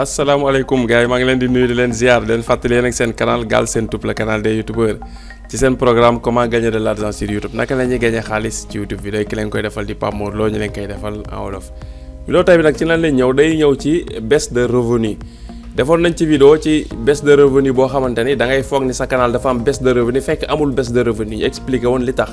asalaamaaleykum gars yi maa ngi leen di nuyu di leen ziar leen fàttali yéen ak seen canal Galsen Tube la canal des youtubeurs ci seen programme comment gagner de l'argent sur youtube naka la ñuy gagner xaalis ci youtube vidéo ki leen koy defal di Pape Mor Lo ñu leen koy defal en wolof. vidéo tey bi nag ci lan lañ ñëw day ñëw ci baisse de revenu defoon nañ ci vidéo ci baisse de revenu boo xamante ni da ngay foog ni sa canal dafa am baisse de revenu fekk amul baisse de revenu ñu expliqué tax.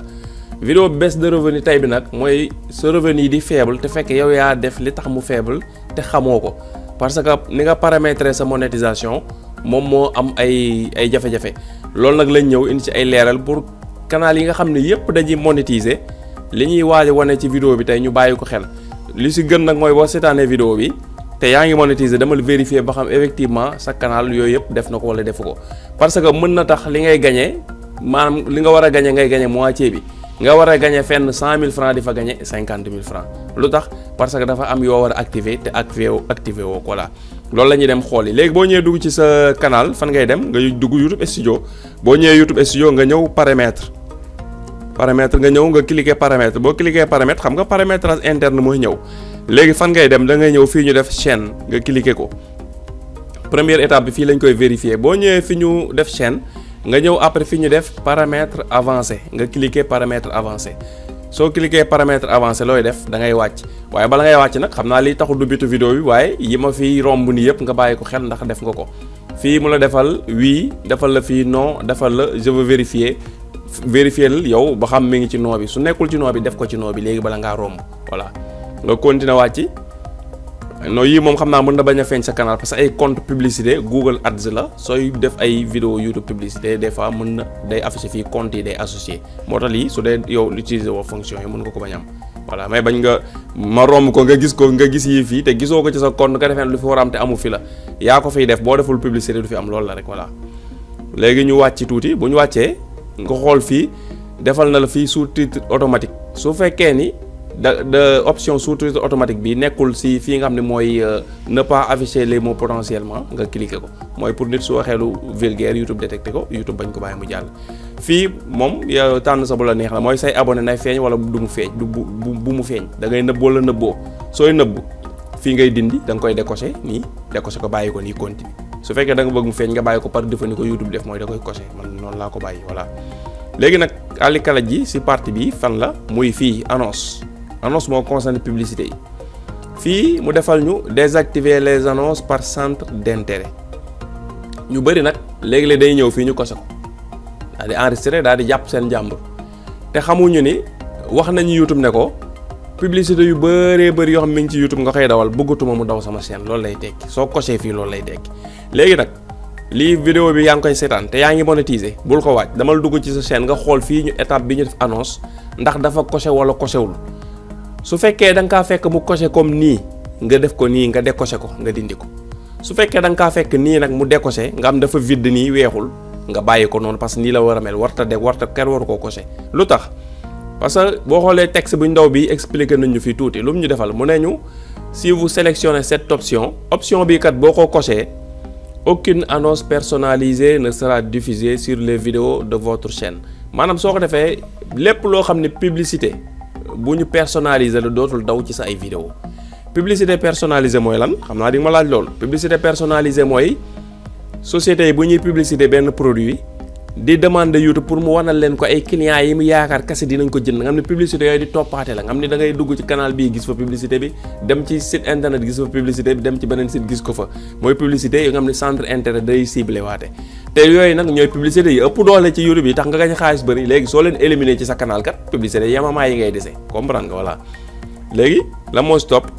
vidéo baisse de revenu tey bi nag mooy sa revenu di faible te fekk yow yaa def li tax mu faible te xamoo ko. parce que ni nga paramétrer sa monétisation moom moo am ay ay jafe-jafe loolu nag lañ ñëw indi ci ay leeral pour kanaal yi nga xam ne yëpp dañuy monétiser li ñuy waaj a wane ci vidéo bi tey ñu bàyyi ko xel li si gën nag mooy boo seetaanee vidéo bi te yaa ngi monétiser demal vérifier ba xam effectivement sa canal yooyu yëpp def na ko wala defu ko parce que mën na tax li ngay gagné maanaam li nga war a gagné ngay gagné moitié bi. nga war a gagné fenn cent mille francs di fa gagné cinquante mille francs lu tax parce que dafa am yoo war a activé te activé woo activé woo voilà loolu la ñuy dem xool yi léegi boo ñëwee dugg ci sa canal fan ngay dem nga dugg YouTube Studio boo ñëwee YouTube Studio nga ñëw paramètre paramètre nga ñëw nga cliquer paramètre boo cliquer paramètre xam nga paramétrage interne mooy ñëw léegi fan ngay dem da ngay ñëw fii ñu def chaine nga cliquer ko première étape bi fii lañ koy vérifier boo ñëwee fi ñu def nga ñëw après fi ñu def paramètre avancé nga cliquer paramètre avancé soo cliquer paramètre avancé looy def da ngay wàcc waaye bala ngay wàcc nag xam naa liy taxul du bitu vidéo bi waaye yi ma fiy romb nii yëpp nga bàyyi ko xel ndax def nga ko fii mu la defal wii defal la fii non defal la je veux vérifier vérifier yow ba xam mi ngi ci noo bi su nekkul ci non bi def ko ci noo bi léegi bala ngaa romb voilà nga continuer wàcc. non yii moom xam naa mën na bañ a feeñ sa canal parce que ay compte publicité Google Ads la sooy def ay vidéo YouTube publicité des fois mën na day affiché fii compte yi day associé moo tax lii su dee yow utiliser woo fonction yi mën nga ko bañ am voilà mais bañ nga ma romb ko nga gis ko nga gis yii fii te gisoo ko ci sa compte nga defee lu fi war am te amu fi la yaa ko fiy def boo deful publicité du fi am loolu la rek voilà léegi ñu wàcc tuuti bu ñu wàccee nga xool fii defal na la fii sous-titre automatique su fekkee ni da de option sous-titre automatique bi nekkul si fii nga xam ne mooy euh, ne pas afficher les mots potentiellement nga cliquer ko mooy pour nit su waxee lu vulgaire YouTube détecté ko YouTube bañ ko bàyyi mu jàll. fii moom yow tànn sa bu la neex la mooy say abonné na feeñ wala du mu feeñ du bu bu mu feeñ da ngay nëbb wala nëbboo sooy nëbb fii ngay dindi danga nga koy décoché nii décoché ko bàyyi ko nii continue su fekkee da nga bëgg mu feeñ nga bàyyi ko par défaut ni ko YouTube def mooy da koy coché man noonu laa ko bàyyi voilà. léegi nag àllikala ji si partie bi fan la muy fii annonce annonce moo concerne publicité yi fii mu defal ñu désactiver les annonces par centre d'intérêt ñu bëri nag léegi-léeg day ñëw fii ñu kose ko daal di enregistré daal di jàpp seen jàmbur te xamuñu ni wax nañu YouTube ne ko publicité yu bëree bëri yoo xam mi ngi ci YouTube nga koy dawal bëggatuma mu daw sama chaîne lool lay tekki soo kosee fii loolu lay tekki léegi nag lii vidéo bi yaa ngi koy seetaan te yaa ngi monétiser bul ko waaj damal dugg ci sa chaîne nga xool fii ñu étape bi ñu def annonce ndax dafa coché wala coché wul su fekkee danga kaa fekk mu coché comme nii nga def ko nii nga décoché ko nga dindi ko su fekkee danga kaa fekk nii nag mu décoché nga am dafa vide nii weexul nga bàyyi ko noonu parce que nii la war a mel warta de warta kenn waru koo coché lu tax parce que boo xoolee texte bu ndaw bi expliquer nañu ñu fi tuuti lu mu ñu defal mu ne ñu si vous sélectionnez cette option option bi kat boo ko coché aucune annonce personnalisée ne sera diffuser sur les video de votre chaîne maanaam soo defee lépp loo xam ne publicité bu ñu personnalisé la dootul daw ci sa ay vidéo publicité personnalisée mooy lan xam naa di ma laaj loolu publicité personnalisée mooy société yi bu ñuy publicité benn produit di demander YouTube pour mu wanal leen ko ay clients yi mu yaakaar kese dinañ ko jënd nga xam ne publicité yooyu di toppaate la nga xam ne da ngay dugg ci canal bii gis fa publicité bi dem ci site internet gis fa publicité bi dem ci beneen site gis ko fa mooy publicité yi nga xam ne centre intérêt day ciblé waate te yooyu nag ñooy publicité yi ëpp doole ci YouTube yi tax nga gañ xaalis bëri léegi soo leen éliminer ci sa canal kat publicité yamamaa yi ngay léegi la moo stop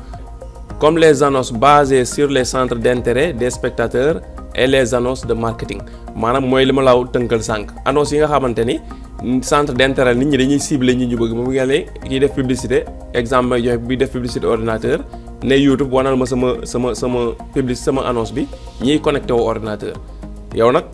comme les annonces basées sur les centres d'intérêt des spectateurs les annonces de marketing maanaam mooy li ma laaw tënkal sànq annonce yi nga xamante ni centre d'intérêt nit ñi dañuy ciblé ñi ñu bëgg mu ngi ne kiy def publicité exemple may joxe bi def publicité ordinateur sama sama sama publicité sama annonce bi ñiy connecté wu ordinateur yow nag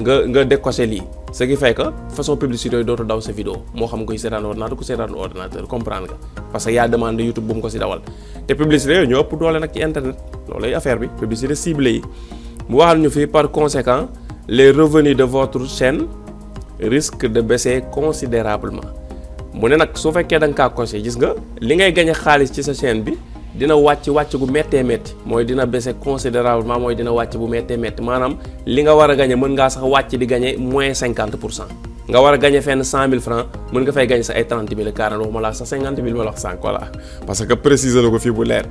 nga nga décoché lii ce qui fait que façon publicité yooyu dootu daw sa vidéo moo xam koy seetaan ordinateur ku seetaan ordinateur comprendre nga parce que yaa demandé YouTube bu mu ko si dawal te publicité yooyu ñoo ëpp doole nag ci internet loolay bi publicité ciblé yi mu waxal ñu les revenus de votre chaîne risque de baisser considérablement mu ne nag su fekkee da nga kaa gis nga li ngay gañe xaalis ci sa chaîne bi dina wàcc wàcc bu méttee métti mooy dina baisser considérablement mooy dina wàcc bu méttee métti maanaam li nga war a gañe mën ngaa sax wàcc di gañe moins cinquante pour cent nga war a gagné fenn cent mille francs mën nga fay gagné sa ay trente mille quarante waxuma la sa cinquante mille ma la wax sànq voilà parce que préciser na ko fii bu leer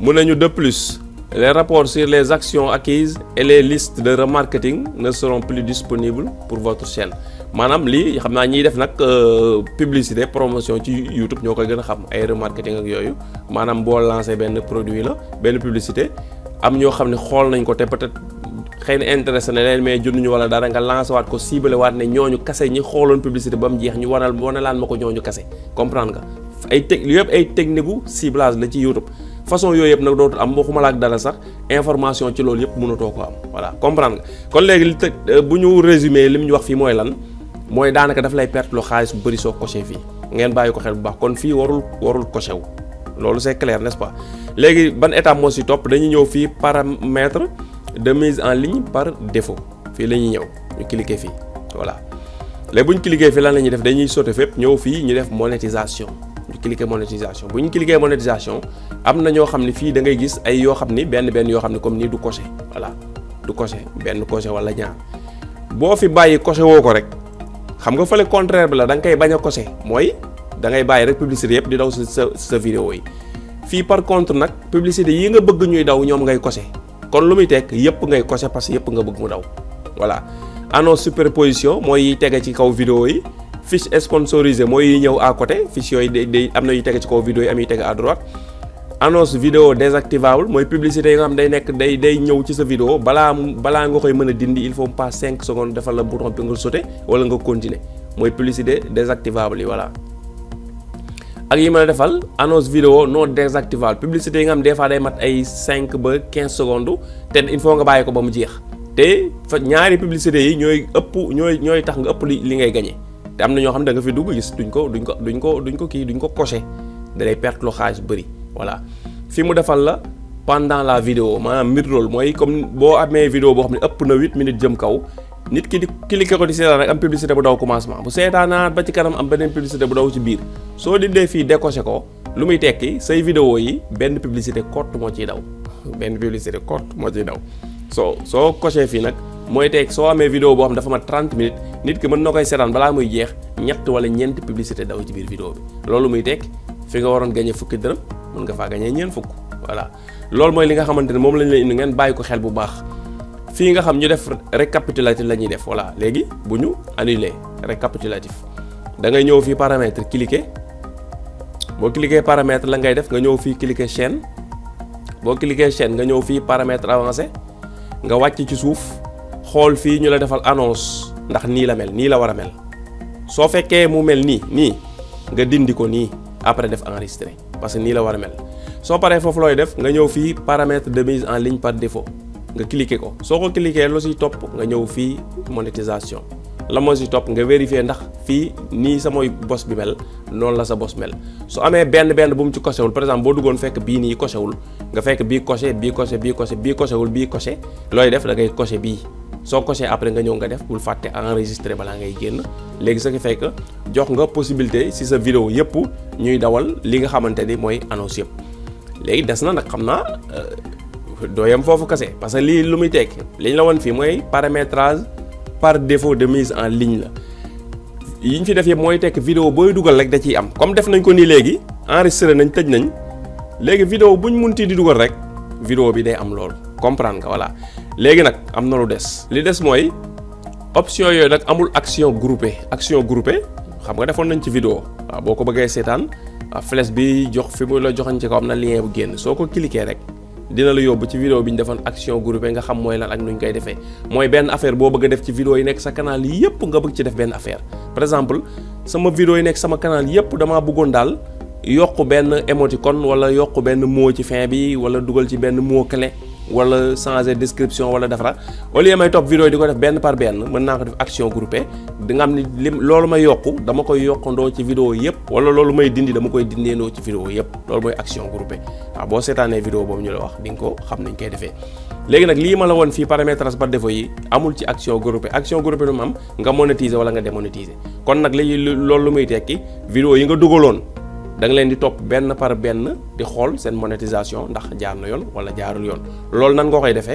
mu mun ñu de plus Les rapports sur les actions acquises et les listes de remarketing ne seront plus disponibles pour votre chaîne maanaam lii xam naa ñiy def nag euh, publicité promotion ci YouTube ñoo koy gën a xam ay remarketing ak yooyu maanaam boo lancé benn produit la benn publicité am ñoo xam ne xool nañ ko te peut-être xëy na intéressé na leen mais jënduñu wala dara nga lancé waat ko ciblé waat ne ñooñu kase ñi xooloon publicité ba mu jeex ñu wanal wanalaan ma ko ñooñu kase comprendre nga ay teg yëpp ay technique bu la ci YouTube. façon yooyu yëpp nag dootul am waxuma la ak dara sax information ci loolu yëpp mënatoo ko am voilà comprendre nga kon léegi li të euh, bu ñu résumé li ñu wax fii mooy lan mooy daanaka daf lay perte loo xaalis bu bëri soo coché fii ngeen bàyyi ko xel bu baax kon fii warul warul coché wu loolu c'est clair n'est-ce pas léegi ban étape moo si topp dañuy ñëw fii paramètre de mise en ligne par défaut fii la ñuy ñëw ñu cliquer fii voilà léegi bu ñu cliquer fii lan la ñuy def dañuy sote fépp ñëw fii ñu def monétisation cliquer monétisation bu ñu cliquer monétisation am na ñoo xam ne fii da ngay gis ay yoo xam ni benn benn yoo xam ne comme nii du coché voilà du coché benn coché wala ñaar boo fi bàyyi coché woo ko rek xam nga fële contraire bi la da nga koy bañ a coché mooy da ngay bàyyi rek publicité yëpp di daw sa sa sa vidéo yi fii par contre nag publicité yi nga bëgg ñuy daw ñoom ngay coché kon lu muy tekk yëpp ngay coché parce que yëpp nga bëgg mu daw voilà annonce superposition mooy yiy tege ci kaw vidéo yi. fiche sponsorisée mooy yi ñëw à côté fiche yooyu day day am na yu tege ci kaw vidéo yi am yu tege à droite annonce vidéo désactivable mooy publicité yi nga xam day nekk day day ñëw ci sa vidéo balaa balaa nga koy mën a dindi il faut pas cinq secondes defal la bouton bi nga sauté wala nga continuer mooy publicité désactivable yi voilà. ak yi mën a defal annonce vidéo non désactivable publicité yi nga xam des fois day mat ay cinq ba 15 secondes te il faut nga bàyyi ko ba mu jeex te fa ñaari publicité yi ñooy ëpp ñooy ñooy tax nga ëpp li li ngay gagné. te am na ñoo xam ne da nga fi dugg gis duñ ko duñ ko duñ ko duñ ko kii duñ ko coché da lay perte lu xaalis bëri voilà fi mu defal la pendant la video maanaam mid roll mooy comme boo amee vidéo boo xam ne ëpp na huit minutes jëm kaw nit ki di cliquer ko di seetaan rek am publicité bu daw commencement bu seetaanaat ba ci kanam am beneen publicité bu daw ci biir soo di dee fii décoché ko lu muy tekki say vidéo yi benn publicité courte moo ciy daw benn publicité courte moo ciy daw soo soo coché fii nag. mooy tey soo amee vidéo boo xam dafa ma 30 minutes nit ki mën na koy seetaan balaa muy jeex ñett wala ñeenti publicité daw ci biir vidéo bi loolu muy tekk fi nga waroon gañe fukki dërëm mën nga faa gañe ñeent fukk voilà loolu mooy li nga xamante ne moom lañ leen indi ngeen bàyyi ko xel bu baax fii nga xam ñu def récapitulatif la ñuy def voilà léegi bu ñu annulé récapitulatif da ngay ñëw fii paramètre cliquer boo cliquer paramètre la ngay def nga ñëw fii cliquer chaîne boo cliquer chaîne nga ñëw fii paramètre avancé nga wàcc ci suuf xool fii ñu la defal annonce ndax nii la mel nii la war a mel soo fekkee mu mel nii nii nga dindi ko nii après def enregistré parce que nii la war a mel soo paree foofu looy def nga ñëw fii paramètre de mise en ligne par défaut nga cliquer ko soo ko cliquer lu si topp nga ñëw fii monétisation la moo si topp nga vérifier ndax fii nii samay bos bi mel noonu la sa bos mel su amee benn benn bu mu ci coché wul par exemple boo duggoon fekk bii nii coché wul nga fekk bii coché bii coché bii coché bii coché wul bii coché looy def da ngay bii soo coché après nga ñëw nga def bul fàtte enregistré balaa ngay génn léegi ce qui fait jox nga possibilité si sa vidéo yëpp ñuy dawal li nga xamante ni mooy annonce yëpp léegi des na nag xam naa euh, doo yem foofu kese parce que lii lu muy tekki liñ la woon fii mooy paramétrage par défaut de mise en ligne la yi ñu fi def yëpp mooy tekk vidéo booy dugal rek da am comme def nañ ko nii léegi enregistré nañ tëj nañ léegi vidéo buñ munti di dugal rek vidéo bi day am loolu comprendre voilà léegi nag am na lu des li des mooy option yooyu nag amul action groupée action groupée xam nga defoon nañ ci vidéo waaw boo ko bëggee seetaan flèche bi jox fi mu la joxañ ci kaw am na lien bu génn soo ko cliquer rek dina la yóbbu ci vidéo bi ñu defoon action groupé nga xam mooy lan ak nuñ koy defee mooy benn affaire boo bëgg def ci vidéo yi nekk sa canal yi yëpp nga bëgg ci def benn affaire par exemple sama vidéo yi nekk sama kanaan yëpp damaa bëggoon daal yokk benn émoticône wala yokk benn mot ci fin bi wala dugal ci benn mot clé wala changer description wala defaraat au lieu may topp vidéo di ko def benn par benn mën naa ko def action groupée di am xam ni li loolu may yokku dama koy yokkandoo ci vidéo yëpp wala loolu may dindi dama koy dindeenoo ci vidéo yëpp loolu mooy action groupée waaw boo seetaanee vidéo boobu ñu la wax di nga ko xam nañ koy defee léegi nag lii ma la woon fii paramétrage par défaut yi amul ci action groupée action groupée lu mu am nga monétiser wala nga démonétiser kon nag léegi loolu lu muy tekki vidéo yi nga dugaloon da nga leen di topp benn par benn di xool seen monétisation ndax jaar na yoon wala jaarul yoon loolu nan nga koy defe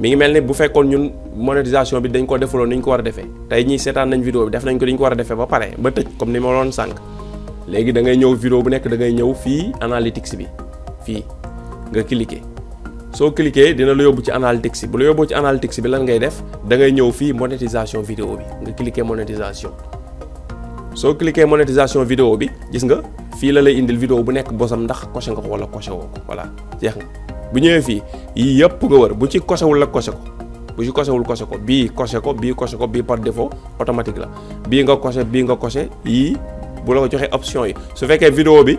mi ngi mel ne bu fekkoon ñun bi dañ ko defuloon ni ko war a defee tey ñii seetaan nañ vidéo bi def nañ ko ni ñu ko ba pare ba tëj comme ni ma loon sànq léegi da ñëw vidéo bu nekk da ñëw fii analytics bi fii nga cliquer soo cliquer dina lu yóbbu ci analytics bi bu la ci analytics bi lan ngay def da ngay ñëw fii monétisation vidéo bi nga cliquer monétisation soo cliquer monétisation vidéo bi gis nga fii la lay indil vidéo bu nekk bosam ndax coché nga ko wala coché woo ko voilà jeex nga bu ñëwee fii yii yëpp nga wër bu ci coséwul la coché ko bu ci coséwul coché ko bii coché ko bii coché ko bii par défaut automatique la bii nga coché bii nga coché yii bu la ko joxee option yi su fekkee vidéo bi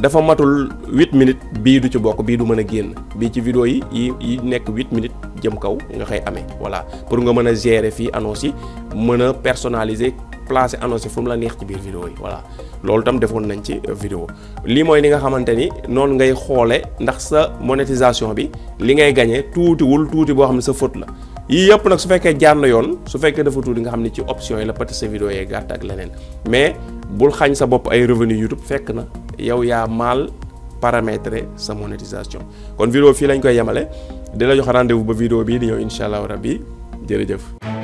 dafa matul huit minutes bii du ci bokk bii du mën a génn bii ci vidéo yi yi yi nekk huit minutes jëm kaw nga koy amee voilà pour nga mën a gérer fii annonce yi mën a personnaliser placer annonce fu mu la neex ci biir vidéo yi voilà loolu tam defoon nañ ci vidéo lii mooy li nga xamante ni noonu ngay xoole ndax sa monétisation bi li ngay gañee tuutiwul tuuti boo xam ne sa faute la yii yëpp nag su fekkee jaan na yoon su fekkee dafa tuuti nga xam ne ci option yi la peut-être sa vidéo yee gàtt ak leneen mais bul xañ sa bopp ay revenu YouTube fekk na yow yaa mal paramétrer sa monétisation kon vidéo fii lañ koy yemale di la jox rendez-vous ba vidéo bii di ñëw incha allahu rabbi jërëjëf